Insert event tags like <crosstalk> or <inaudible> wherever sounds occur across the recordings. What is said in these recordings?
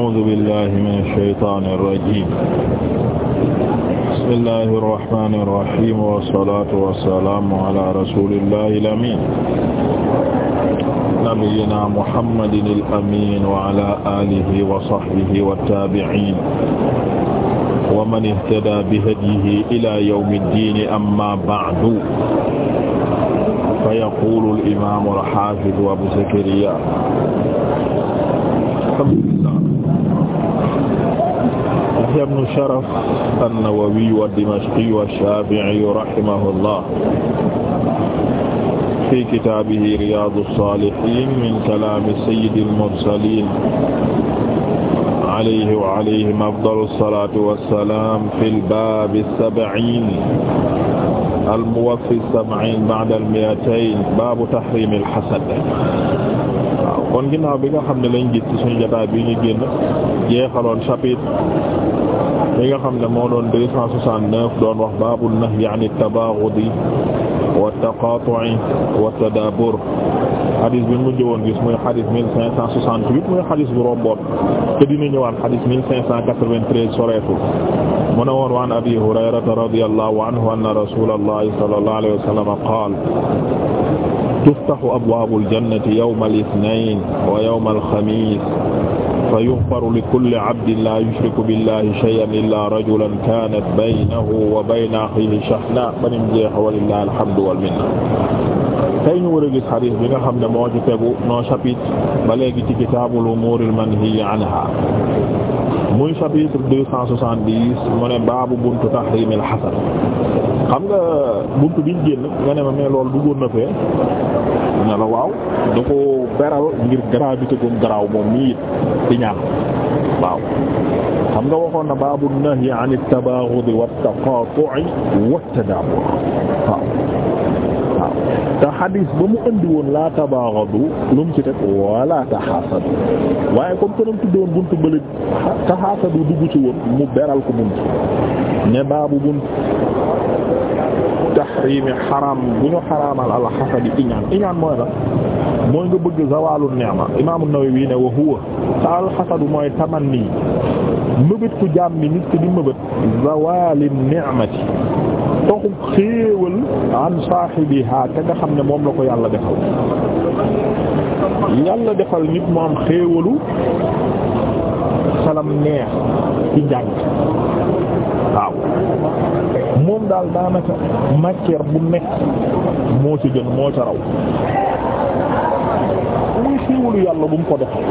a'uuzu billaahi mina shaytaani rajiim bismillaahi rahmaani rahiim wa salaatu wa salaamu alaa rasuulillaahi al-amiin nabiyyinaa Muhammadin al-amiin wa alaa aalihi wa sahbihi wa taabi'iin wa man ihtadaa bihadyihi ilaa yawmi ddiin ammaa ba'du fa yaquulu al-imaamu al-haafidu Abuu Zakariyyaa Yahya ibn Sharaf an-Nawawi ad-Dimashqi ash-Shafi'i rahimahullah fi kitaabihi Riyaadu s-Saalihiin min kalaami sayyidi l-mursaliin alayhi wa alayhim afdalu s-salaatu wa s-salaam fil baabi s-sab'iin al-muwaffi s-sab'iin ba'da l-mi'atayn baabu tahriimi l-hasad kon ginnaaw bi nga xam ne lañ gis ci suñu jotaay bi ñu génn jeexaloon chapitre bi nga xam ne moo doon 269 doon wax baabu nahyi an at-tabaghudi wa taqatu'i wa tadabur xadis bi mu jëwoon gis muy xadis 1568 muy xadis bu romboon te dina ñëwaat xadis 1593 soreetu mu ne woon wa an abi hurayrata radiyallahu anhu anna rasulallahi sallallahu alayhi wa sallam qaala tuftahu abwaabul jannati yawmal isnayn wa yawmal xamiis fayuxfaru likulli abdin laa yushriku billahi shay'an illaa rajulan kaanat baynahu wa bayna axiihi shahnaa ba nim jeex walillahi alhamdu wal minna. tey ñu war a gis xadiis bi nga xam ne moo ci tegu noo chapitre ba léegi ci kitaabul umuuril manhiyyi anhaa muy chapitre deux cent soixante dix mu ne baabu buntu tahrimil xasan xam nga buntu biñ génn nga ne ma mais loolu duggoon na fee ne la waaw da ko beral ngir gravité gum garaaw moom mi it di ñaan waaw xam nga waxoon na baabu nahyi an at-tabaghud wa at-taqatu' wa waaw te xadis ba mu andi woon laa tabaagadu lu mu ci teg wala taxaasadu waaye comme que nam buntu bële taxaasadu dugg ci woon mu beral ko buntu ne baabu buntu taxriimi xaraam bu ñu xaraamal al xasadi iñaan iñaan mooy la mooy nga bëgg zawaalu ni'ma imaam an-Nawawi ne wa huwa al xasadu mooy tamanni mëbët ku jaam bi nit ki di mëbët zawaali ni'mati toxu xéewal an saahibiha ka nga xam ne moom la ko yàlla defal yàlla defal nit mu am xéewalu xelam neex ci njàng waaw moom daal daanaka matière bu nekk moo ci gën moo ca raw muy xéewalu yàlla bu mu ko defal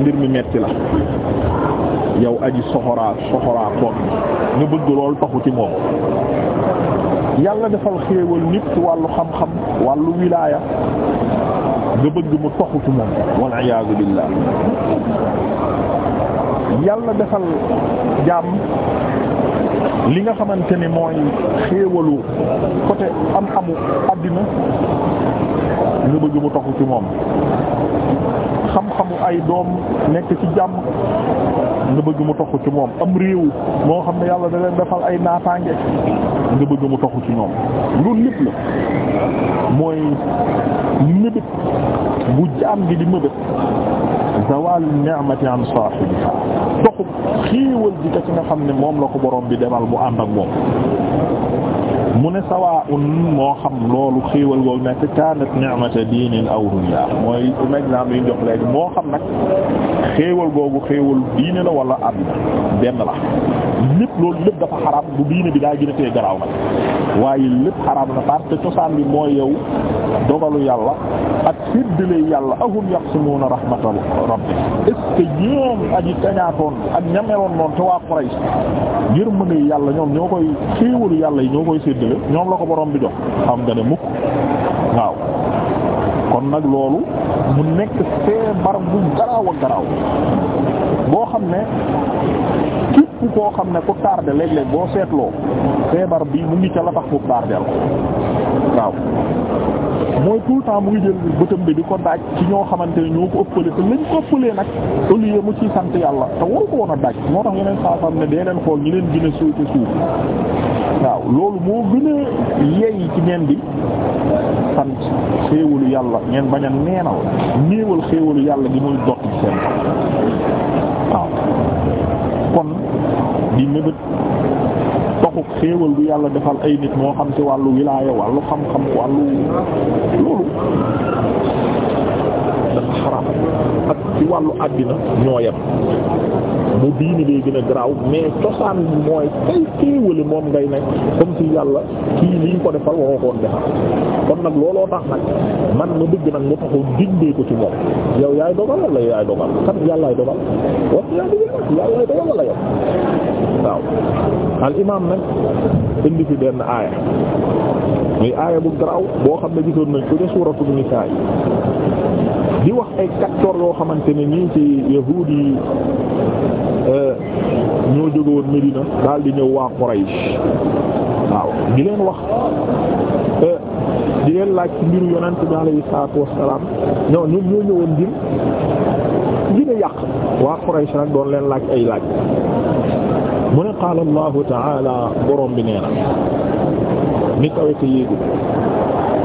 ngir mi metti la yow aji soxoraa nga bëgg loolu toxu ci moom yàlla defal xéewal nit ci wàllu xam-xam wàllu wilaaya nga bëgg mu taxu ci moom wal iyaazu billaah yàlla defal jàmm li nga xamante ni mooy xéewalu côté am-amu àddina nga bëgg mu taxu ci moom ay doom nekk ci jàmm nga bëgg mu toxu ci moom am réew moo xam ne yàlla da leen defal ay naataange nga bëgg mu toxu ci ñoom loolu lépp la mooy mébét bu jaam gi di mébét zawal ni'mati an saahibiha toxu xiiwal ji ka ci nga xam ne moom la ko boroom bi demal mu ànd ak moom mu ne sawaa'un moo xam loolu xéewal googu nekk kaanat ni'mata diinil awliyaa mooy comme exemple yi jox léegi moo xam nag xéewal googu xéewal diine la wala àddina benn la lép loolu lépp dafa xaraam bu diine bi daa gën a garaaw nag waaye lépp xaraam na parce que cosaan bi mooy yow dogalu yàlla ak séddale yàlla ahum yaqsimuuna rahmata rabbi est ñoom aji tañaatoon ak ñameloon noonu te waa Quraysh yërmande yàlla ñoom ñoo koy xéewalu yàlla yi ñoo koy séddale séddale ñoom la ko borom bi jox xam nga ne mukk waaw kon nag loolu mu nekk feebar bu garaaw a garaaw boo xam ne képp koo xam ne ku tardé léeg-léeg boo seetloo feebar bi mu ngi ca la tax mu tardé ko waaw mooy tout le temps mu ngi jël bëtam bi di ko daaj ci ñoo xamante ne ñoo ko ëppale te lañ ko ëppalee nag au mu ciy sant yàlla te waru ko woon a daaj moo tax yeneen saa xam ne dee leen xool ñi leen gën a suufe suuf waaw loolu moo gën a yeey ci ngeen di sant xéewalu yàlla ngeen bañ a neenal néewal xéewalu yàlla gi muy dox ci seen waaw kon di mébét waxu xéewal bu yàlla defal ay nit moo xam ci wàllu wilaaya wàllu xam-xam wàllu loolu dafa xaram ak ci wàllu àddina ñoo yem mu diini day gën a garaaw mais cosaan mooy kay xéewali moom ngay nekk comme ci yàlla kii liñ ko defal waxoo koon defal kon nag looloo tax nag man ma bëgg nag mu taxu dindee ko ci moom yow yaay dogal wala yaay dogal kan yàllaay dogal wax yaa dogal yàllaay dogal wala waaw al imaam nag indi fi benn aaya muy aaya bu garaaw boo xam ne gisoon nañ ko ca suuratul nisaa yi di wax ay kaccoor yoo xamante ne nii ci yahuud yi euh, ñoo jóge woon Medina daal di ñëw waa Quraysh waaw di leen wax euh, di leen laaj ci mbiru yonent bi alayhi salaatu wassalaam ñoo ñoom ñoo ñëwoon ngir gën yàq waa Quraysh nag doon leen laaj ay laaj mu ne qaala allahu taala borom bi nee na mi kawe te yéegu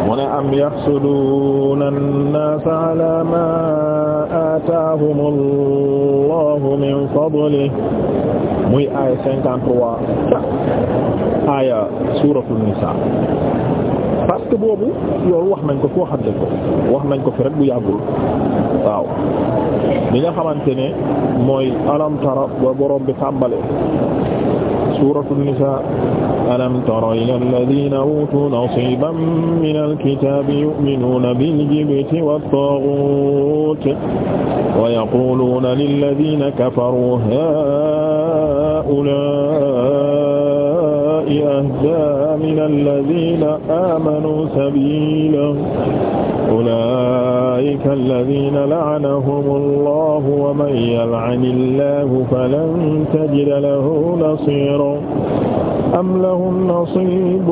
mu ne am yaxsuduuna annaasa ala ma aataahum allahu min fadlihi muy aaya 53 aaya suuratul nisaa parce que boobu loolu wax nañ ko foo xam ko wax nañ ko fi rek bu yàggul waaw li nga xamante ne mooy alam tara ba borom bi tàmbale suuratu nisaa alam tara ila alladina utuu nasiiban min alkitaabi yu'minuuna biljibti wattaaguut wa yaquuluuna lilladina kafaruu haa'ulaa أهدى من الذين آمنوا سبيلا أولئك الذين لعنهم الله ومن يلعن الله فلن تجد له نصيرا أم لهم نصيب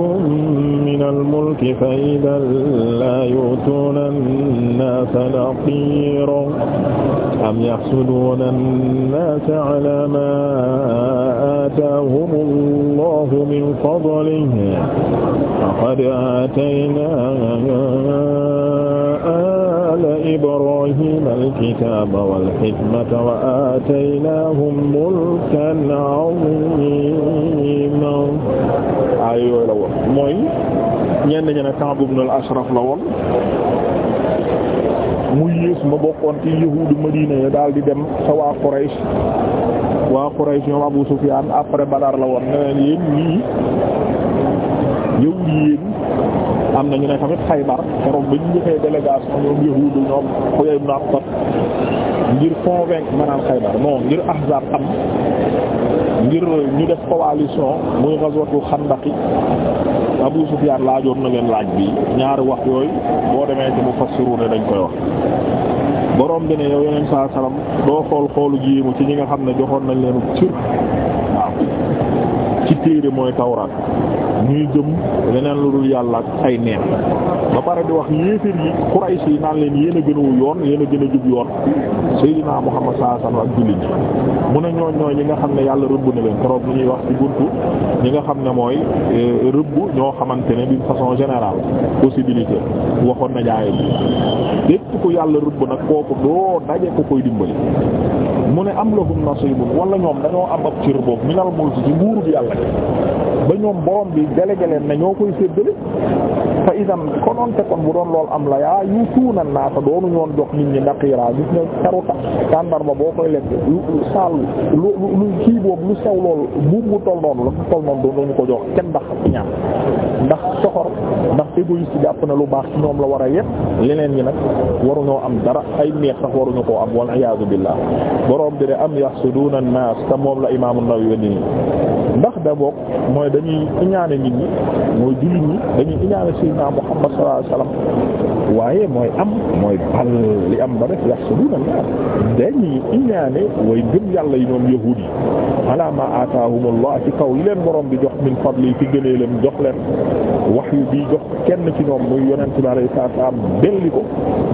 من الملك فإذا لا يؤتون الناس نقيرا أم يحسدون الناس على ما آتاهم الله من min fadlihi faqad aataynaa ala ibrahima alkitaba walhikmata wa aataynahum mulkan azima ay yooyu la woon mooy ñenn ñi ne Ka'b ibn al-Ashraf la woon Qays ma bokkoon ci yahuudu Madina ya daal di dem sa waa Quraysh waa Quraysh ñoom Abu Sufyaan après Badar la woon ne leen yéen lii yahuud am na ñu ne tamit Xaybar keroog ba ñu defee délégation ñoom yahuudu ñoom Huyay ibn ngir convaincre maanaam Xaybar non ngir Ahzab am ngir ñu def coalition muy ghazwatu Xandaqi Abu Sufyaan laajoon na laaj bi ñaari wax yooyu boo demee ci mufassiru ne dañ koy wax borom bi ne yeneen saa salaam doo xool xoolu jéemu ci ñi nga xam ne joxoon nañ leen cër waaw ci téere mooy tawraat ñuy jëm leneen lu dul yàlla ak ay neen ba pare di wax yéefir yi Quraysh yi naan leen yéen a yoon yéen a gën a jub yoon Seydina Muhammad sallallahu alayhi wasallam ak jullit ñi mu ne ñooñ ñooy ñi nga xam ne yàlla rëbb na leen trop ñuy wax ci buntu ñi nga xam ne mooy eh, rëbb ñoo xamante ne d'une façon générale possibilité waxoon na jaayee ku yàlla rëbb nag kooku doo daje ko koy dimbali mu ne am lahum nasibun wala ñoom dañoo am ab cër boobu minal mulki ci nguuru bi yàlla ba ñoom borom bi délégué leen ne ñoo koy séddale fa idan konoonte kon bu doon lool am la yaa yu tuuna naa sa doonu ñoon jox nit ñi naqiira gis ne caruta tàndar boo koy lekk lu saal lu lu kii boobu lu sew la tol noonu doon ko jox kenn ndax ndax soxor ndax égoïste jàpp na lu baax ñoom la war a yépp leneen ñi nag waruñoo am dara ay neex sax waruñu am wal iyaadu billah borom am yahsuduuna an-naas te moom la imaamu Nawawi nii ndax da bokk mooy dañuy iñaane nit ñi mooy jullit ñi dañuy iñaane sayyidina Muhammad sallallahu alayhi waaye mooy am mooy bal li am ba def yahsuduna naar dañuy iñaane way gëm yàlla yi ñoom yahuud yi ala ma aataahumullah ci kaw li leen borom bi jox min fadli ci gëneelam jox leen wax wahyu bi jox kenn ci ñoom muy yonent bi alayhi salaatu wa salaam belli ko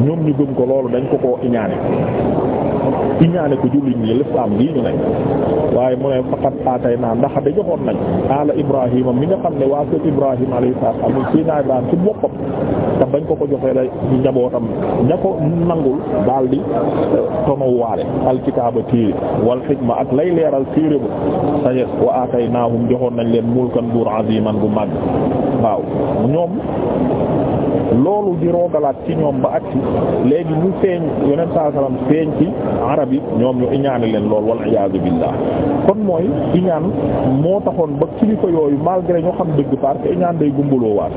ñoom ñu gëm ko loolu dañ ko ko iñaane iñaane ko jullit ñi l'islam gi ñu nekk waaye mu ne faqat aatay naa ndax da joxoon nañ ala ibrahima mi nga xam ne waa kër ibrahima alayhi salaam am si naa ibrahima ci boppam te bañ ko ko joxee la njabootam ña ko nangul daal di eh, tonow waale alkitaaba téere wal xikma ak lay leeral téere bu saye wa aatay naahum joxoon nañ leen mulkan buur aziman bu màgg waaw ñoom loolu di roogalaat ci ñoom ba agsi léegi mu feeñ yonent saa salaam feeñ ci arab yi ñoom ñu iñaane leen lool wal iyaazu billaah kon mooy iñaan moo taxoon ba kilifa yooyu malgré ñoo xam dëgg parce que iñaan day gumbuloo waat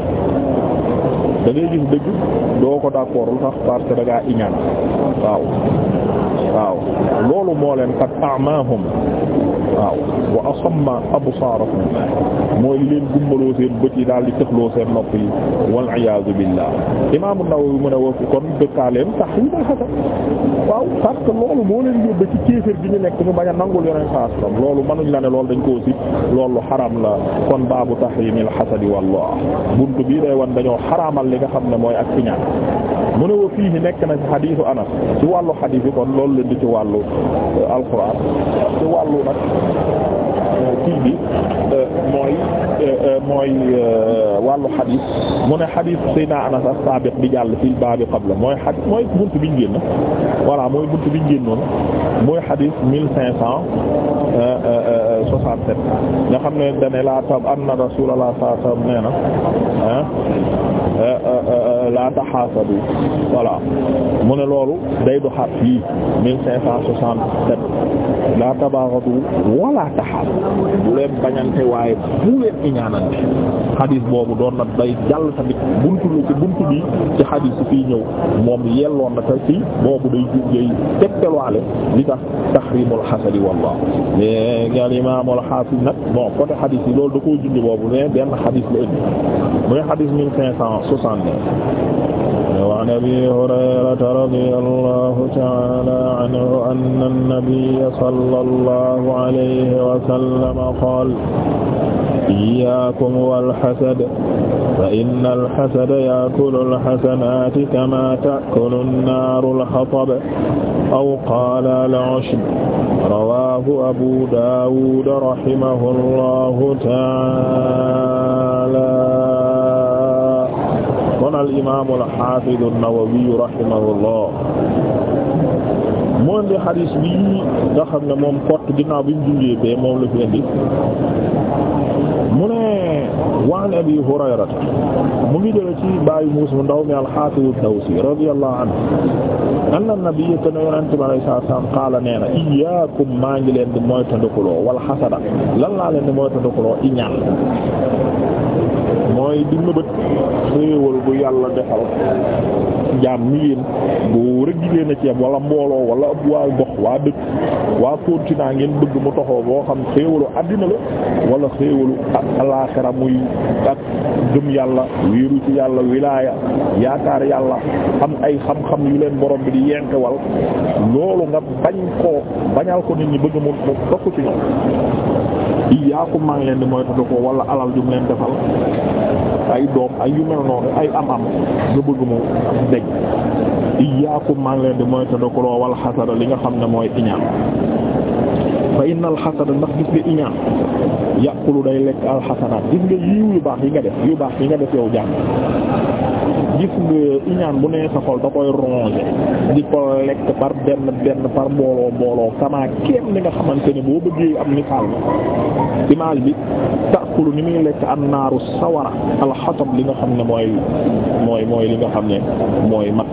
da ngay gis dëgg doo ko d'accord lu tax parce que iñaan waaw waaw loolu moo leen kat amaahum waaw wa asamma absaarahum mooy li leen gumbaloo seen bët yi daal di tëxloo seen nopp yi wal iyaazu billah imaamu Nawawi yu ne wax kon dëkkaaleem tahriimal hasan waaw parce que loolu moo leen yóbbee ci kéefër bi ñu nekk ñu bañ a nangul yeneen saa salaam loolu mënuñ la ne loolu dañ koo si loolu xaram la kon baabu tahriimil hasadi wallah buntu bii day wan dañoo xaramal li nga xam ne mooy ak kiñaan mu ne wa fiihi nekk na ci xadiisu anas ci wàllu xadiis bi kon loolu la di ci wàllu euh, alxuraan ci wàllu nag euh, kii bi euh, mooy mooy wàllu xadiis mu ne xadiis sayna anas as-saabiq bi jàll fi baabi qabla mooy xadiis mooy buntu biñ génn voilà mooy buntu biñ génnoon mooy xadiis mille cinq cent soixante xam ne dane la tab anna rasuulullah sallallahu nee na mooy la taxaasadu voilà mu ne loolu day doxaat fii mille cinq cent soixante-sept la tabaghadu wala taxaasadu bu leen bañante waaye bu leen iñaanante xadiis boobu doon na day jàll tamit buntu lu ci xadiis su fii ñëw moom yelloon na te fii boobu day juggeey tegtelwaale li tax taxrimul xasadi wallah léegi al imaamul xaafis nag bon côté xadiis yi loolu da koo junj boobu mais benn xadiis la muy xadiis mille cinq cent وعن أبي هريرة رضي الله تعالى عنه أن النبي صلى الله عليه وسلم قال إياكم والحسد فإن الحسد يأكل الحسنات كما تأكل النار الحطب أو قال العشب رواه أبو داود رحمه الله تعالى kon al imaam al xaafiz an-Nawawi rahimahullah moo indi xadiis bi nga xam ne moom kott ginnaaw bi mu jungee moom la fi indi mu ne waan abi hurayrata mu ngi jële ci bàyyi muus mu ndaw mi alxaafidu dawsi radiyallahu anhu anna nabiyya te ne yonente salaam qaala nee na maa ngi leen di mooy tandakuloo wal xasada lan laa leen di mooy tandakuloo iñaan mooy di mëbët xéewal bu yàlla defal jaam ñi yéen bu rëggee na ci am wala mbooloo wala ab waa gox waa dëkk waa continent ngeen bëgg mu toxoo boo xam xéewalu àddina la wala xéewalu alaaxira muy ak gëm yàlla wéeru ci yàlla wilaaya yaakaar yàlla am ay xam-xam yu leen borom bi di yenkewal loolu nga bañ koo bañal ko nit ñi bëgg mu mu topp ci ñoom iyyaakum maa ngi leen di moytu ko wala alal jum leen defal ay doom ay yu mel noonu ay am-am nga bëgg mu dégg iyyaakum maa leen di moytu ko wal xasada li nga xam ne mooy iñaan fa innal xasada ndax gis nga iñaan yàqulu day lekk alxasanaat gis nga yiw yu baax yi nga def yu baax yi nga def yow jàng gis nga iñaan bu nee sa xol da koy ronger di ko lekk par benn benn par mbooloo mbooloo kamaa kenn nga xamante ne boo bëggee am misaal image bi taakulu ni muy lekk an naaru sawara alxatab li nga xam ne mooy mooy mooy li nga xam ne mooy mat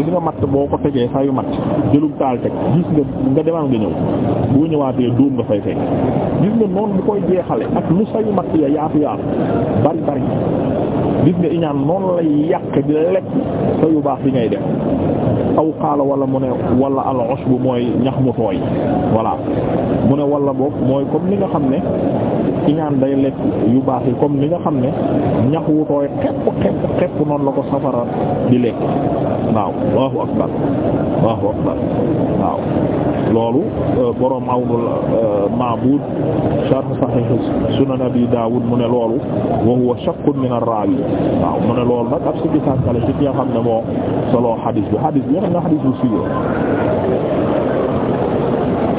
gis nga matt boo ko tegee saa matt jëlum taal teg gis nga nga demal nga ñëw boo ñëwaatee dóom nga fay fekk gis nga noonu bu koy jeexale ak lu saa yu matt ya yaatu yaatu bari bari gis nga iñaan noonu lay yàq di lekk sa yu baax bi ngay def aw xaala wala mu ne wala al usbu mooy ñax mu tooy voilà mu ne wala boog mooy comme ni nga xam ne ñaan day lekk yu baax yi comme ni nga xam ne ñax wu tooy xepp xepp noonu la ko safara di lekk waaw allahu akbar waaw loolu euh, boroom awnul euh, ma'bud sharh sahih sunan abi daawud mu ne loolu ar-rawi waaw mu ne loolu nag ab si bi sànkale si ki xam ne moo soloo xadiis bi boo xam ne xadiisu siiw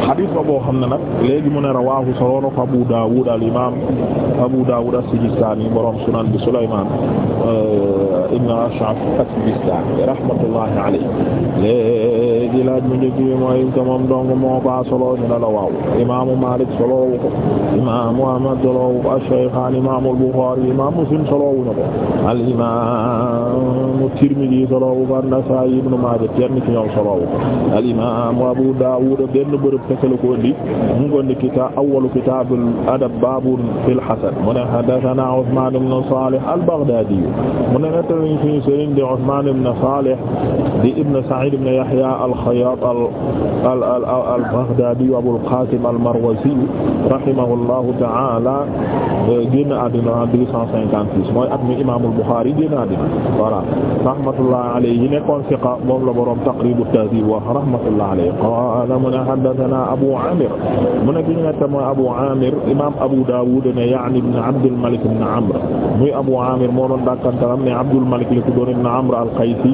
xadiis la boo xam ne nag léegi mu ne rawaahu soloona ko Abu Daawud al imaam Abu Daawud as-Sijistaani borom sunan bi Sulaymaan euh, ibn Ash'ath as-Sijistaani rahmatullahi alayhi ji laaj mu njëkk bi mooy que moom dong moo ko solo ñu ne la waaw imaamu Maalik solowu ko imaamu Ahmad solowu ko as-Shaykhaan imaamul Buxaari imaamu Muslim solowu na ko al-imaamu Tirmidi solowu ko an-Nasaa'i ibnu Maaja kenn ci ñoom solowu ko al-imaamu Abu Daawuud benn bërëb kese la ko indi mu ngi indi kitaab awwalu kitaabul adab baabun fil hasan mu ne haddathanaa Usmaan ibn Saalih al-Baghdaadi mu ne nettali suñu sëriñ di Usmaan ibn Saalih di ibn Sa'iid ibn Yahyaa al-Xayyaat al al al Baghdaadi Abul Qaasim al-Marwazi rahimahullahu ta'aala euh, génn àddina 256 mooy at mi Imaamul Buxaari génn àddina voilà rahmatullahi alayhi nekkoon siqa moom la boroom Taqriibu Tahziib wa rahmatullahi alayhi qaala mu ne haddathanaa Abu Aamir mu ne ki ñu nekk mooy Abu Aamir Imaam Abu Daawuud ne ya'ni ibn Abdul Malik ibn Amr muy Abu Aamir moo doon dàkkantalam ne Abdul Malik li ko doon ibn Amr al-Qaysi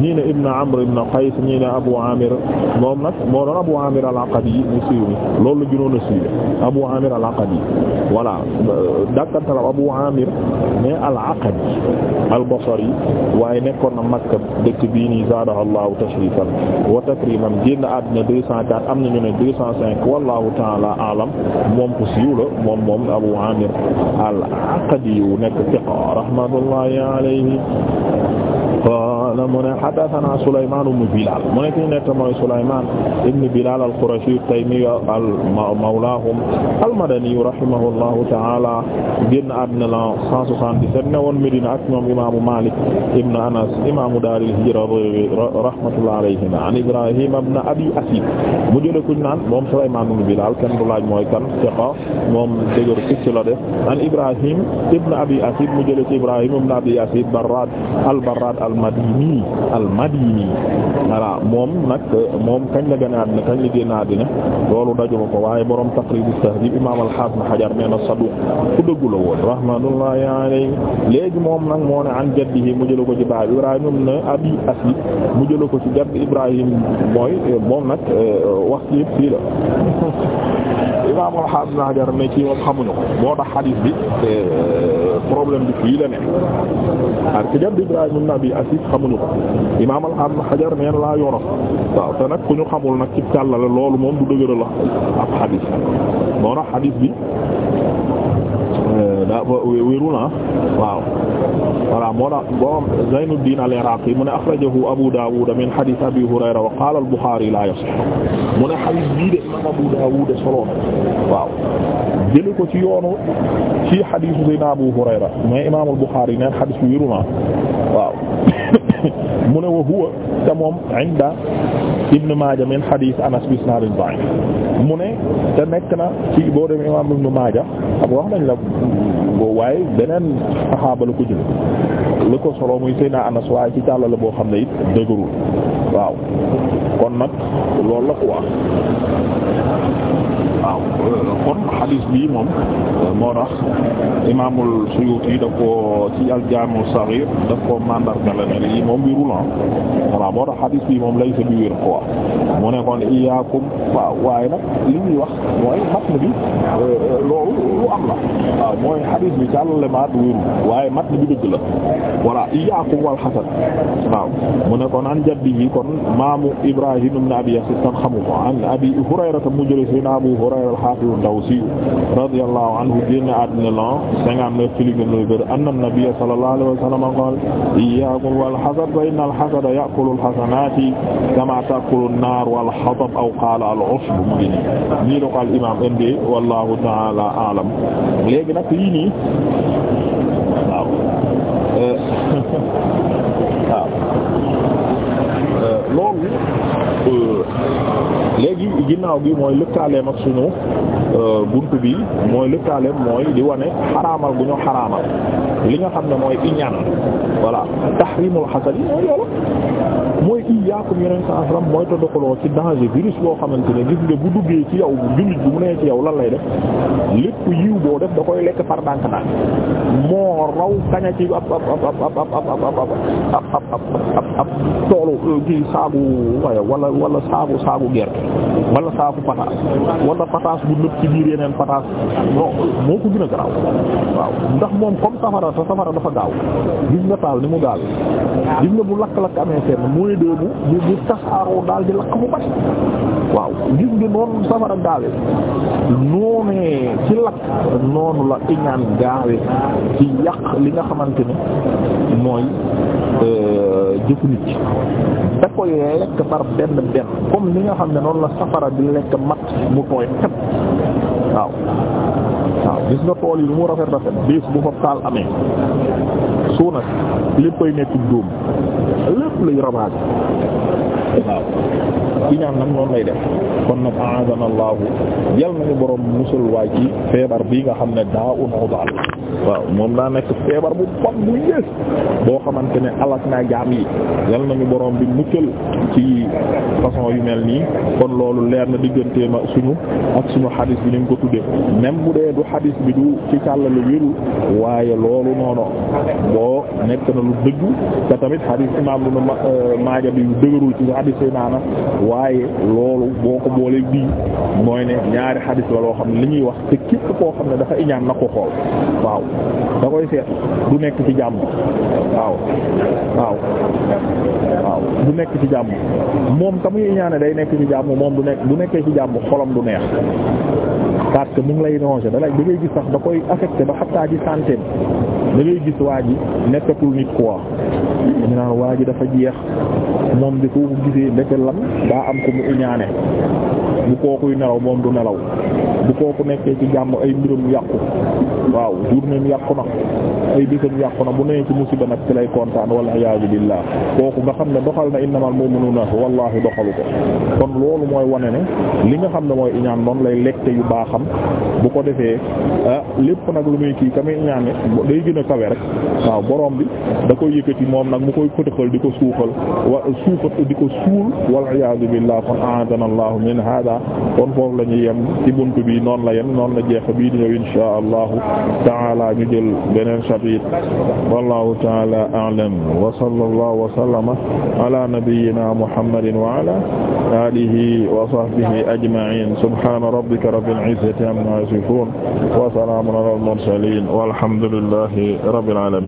ñii ne ibn Amr ibn Qays ñii ne Abu Amir moom nag moo doon Abu Amir al-Aqadi mu loolu la gënoon Abu Amir al voilà dàkkantalam Abu Amir mais al-Aqadi al-Basri waaye nekkoon na Makka dëkk bii nii zaadaha Allahu tashrifan wa takriman génn àddina deux cent quatre am nañu ne deux cent cinq wallahu ta'ala a'lam moom ku siiw la moom moom Abu Amir al-Aqadi yu nekk fiqa rahmatullahi alayhi qaala mu ne haddasanaa Souleymane ibn Bilal mu nekk ñu nekk mooy Souleymane ibn Bilal al-Qurashi at-Taymi al mawlaahum al-Madani rahimahullah rahimahullahu ta'ala génn àddina la 177 ne woon Medina ak ñoom imaamu Malik ibn Anas imaamu daaril hijra rahmatullahi alayhima an Ibrahim ibn Abi Asid mu jële ku ñu naan moom Sulaymaan ibn Bilaal kenn du laaj mooy kan siqa moom dëgër picc la def an Ibrahim ibn Abi Asid mu jële ci Ibrahim ibn Abi Asid Barrad al-Barrad al-Madini al-Madini voilà moom nag moom kañ la gën a àddina kañ la génn àddina loolu dajuma ko waaye borom Taqrib as-Tahdhib imaam al-Hafiz Hajar nee na saduq ku dëggu la woon rahmatullahi léegi moom nag moo ne an mu jëla ko ci baay Ibrahim ibn Abi Asli mu jëla ko ci jadd Ibrahim mooy moom nag euh, wax ci yëpp fii la <laughs> imam al-Hafiz ne ci moom xamuñu ko moo tax xadiis bi euh, problème bi fii la ne parce que jadd Ibrahim ibn Abi Asli xamuñu ko imam al-Hafiz Ibn laa yorof te nag ku ñu xamul nag ci càllale loolu moom du dëgëral ab xadiis moo tax xadiis bi daa wérul ah waaw voilà moo tax bo Zaynuddin al-Iraqi mu ne akhrajahu Abu Dawud min hadith Abi Hurayra wa qala al-Bukhari la yasih mu ne hadith bii de imam Abu Dawud solo waaw jële ko ci yoonu ci hadith Sayyidina Abu Hurayra mais imam al-Bukhari neen hadith wérul ah waaw <coughs> mu ne wa huwa te moom inda Ibn Maaja min hadith Anas bi isnaad da'if mu ne te nekk na ci boo demee imaam Ibn Maaja ab wax nañ la waaye beneen saxaaba la ko jël la ko solo muy Seydina Anas waaye ci jàll la boo xam ne it dëgërul waaw kon nag loolu la quoi waaw euh, kon xadiis bi moom euh, moo tax imaamul Suyuuti daf koo ci al-Jaami' as-Saxiir daf koo mandargale ne lii moom bi roulant ah. voilà moo tax xadiis bi moom lay sa bi wér quoi mu ne kon iyyaakum waaw waaye nag li muy wax mooy matn bi euh, loolu lu am la waaw mooy xadiis bi càllale maat wéru waaye matn bi dëgg la voilà iyyaakum wal xasan waaw mu ne kon an jaddihi kon maamu Ibrahima Ibrahim ibn Abi Yasid kan xamu ko an Abi Hurayrata mu jëlee Seydina Abu Hurayra al-Hafiz ad-Dawsi radiyallahu anhu génn àddina lan cinquante-neuf ci li gën a bëri anna nabiyya sallallahu alayhi wa sallam qaala iyyaakum wal hasad fa inna al-hasada ya'kulu al-hasanati kama ta'kulu an-nar wal hatab aw qaala al-'usb mu ngi nii nii la ko al imam indi wallahu ta'ala a'lam léegi nag lii nii léegi ginnaaw gi mooy lëkkaaleem ak suñu buntu bi mooy lëkkaaleem mooy di wane xaraamal bu ñu xaraamal li nga xam ne mooy iñaan voilà tahrimul hasad yi mooy loolu mooy yeneen sa mooy ci danger virus boo xamante ne gis bu duggee ci yow jullit bu mu ci yow lan lay def lépp yiw da koy lekk par dànk dànk moo raw kaña ci ab toolu kii saabu waaye wala saabu gerte wala saaku pataas wala pataas bu nëb ci biir yeneen pataas non moo ko gën a garaaw waaw ndax moom comme safara te safara dafa gaaw gis nga taal ni mu gaal gis nga bu waaw gis noonu la iñaan gaawe ci yàq li nga xamante ne mooy euh, jëfu nit ci da koy lekk par benn benn comme li nga xam ne noonu la safara di lekk matt mu tooy xepp waaw waaw gis nga tool yi lu mu rafet rafet bis bu fa taal amee suuna léppay nekk dóom lépp lay rabaat waaw iñaan nag noonu lay def kon nag aadana allahu yal nañu borom musul waay ci feebar bii nga xam ne daa un udal waaw moom daa nekk feebar bu bon bu yées boo xamante ne alak naa jaam yi yal nañu borom bi muccal ci façon yu mel nii kon loolu leer na diggante ma suñu ak suñu xadis bi ñu ko tuddee même bu dee du xadis bi du ci càllale wéru waaye loolu noonu boo nekk na lu dëgg te tamit xadis imaam lu ma euh, maaja bi yu dëgërul ci xadis yi naana waaye loolu boo ko boolee bii mooy ne ñaari xadis la loo xam ne li ñuy wax te képp koo xam ne dafa iñaan na ko da koy seet du nekk ci jàmm waaw waaw waaw du nekk ci jàmm moom ka muy ñaane day nekk ci jàmm moom du nekk du nekkee ci jàmm xolam du neex parce que mu lay rongé da lay da ngay gis sax da koy affecté ba xattaa ji santé da ngay gis waa ji nekkatul nit quoi ñu waa ji dafa jeex moom di ko gisee ndeke lan daa am ko mu iñaane bu kookuy nelaw moom du nelaw bu kooku nekkee ci jàmm ay mbiram yàqu waaw journéem yàqu na ay bisam yàqu na bu nee ci musiba nag ci lay kontaan wala iyaazu billaah kooku nga xam ne doxal na innamal mu'minuuna wallaahi doxalu ko kon mooy wane ne li nga xam ne mooy iñaan noonu lay lekk yu baaxam bu ko defee ah lépp nag lu muy kii ka muy a kawe rek waaw bi da koy yëkkati moom nag mu koy pëtëxal di ko suuxal wa suuxat di ko suul wal iyaazu billaah kon a'aadana Allahu min haadaa kon foofu lañu yem ci buntu bi bi noonu la yem noonu la jeexe bii di ñëw inshaa allahu taala ñu jël beneen chapitre wallahu taala a'lam wa sallallahu wa sallama ala nabiyyina muhammadin wa ala alihi wa sahbihi ajma'in subhana rabbika rabbil izzati amma yasifun wa salamun ala al mursalin walhamdulillahi rabbil alamin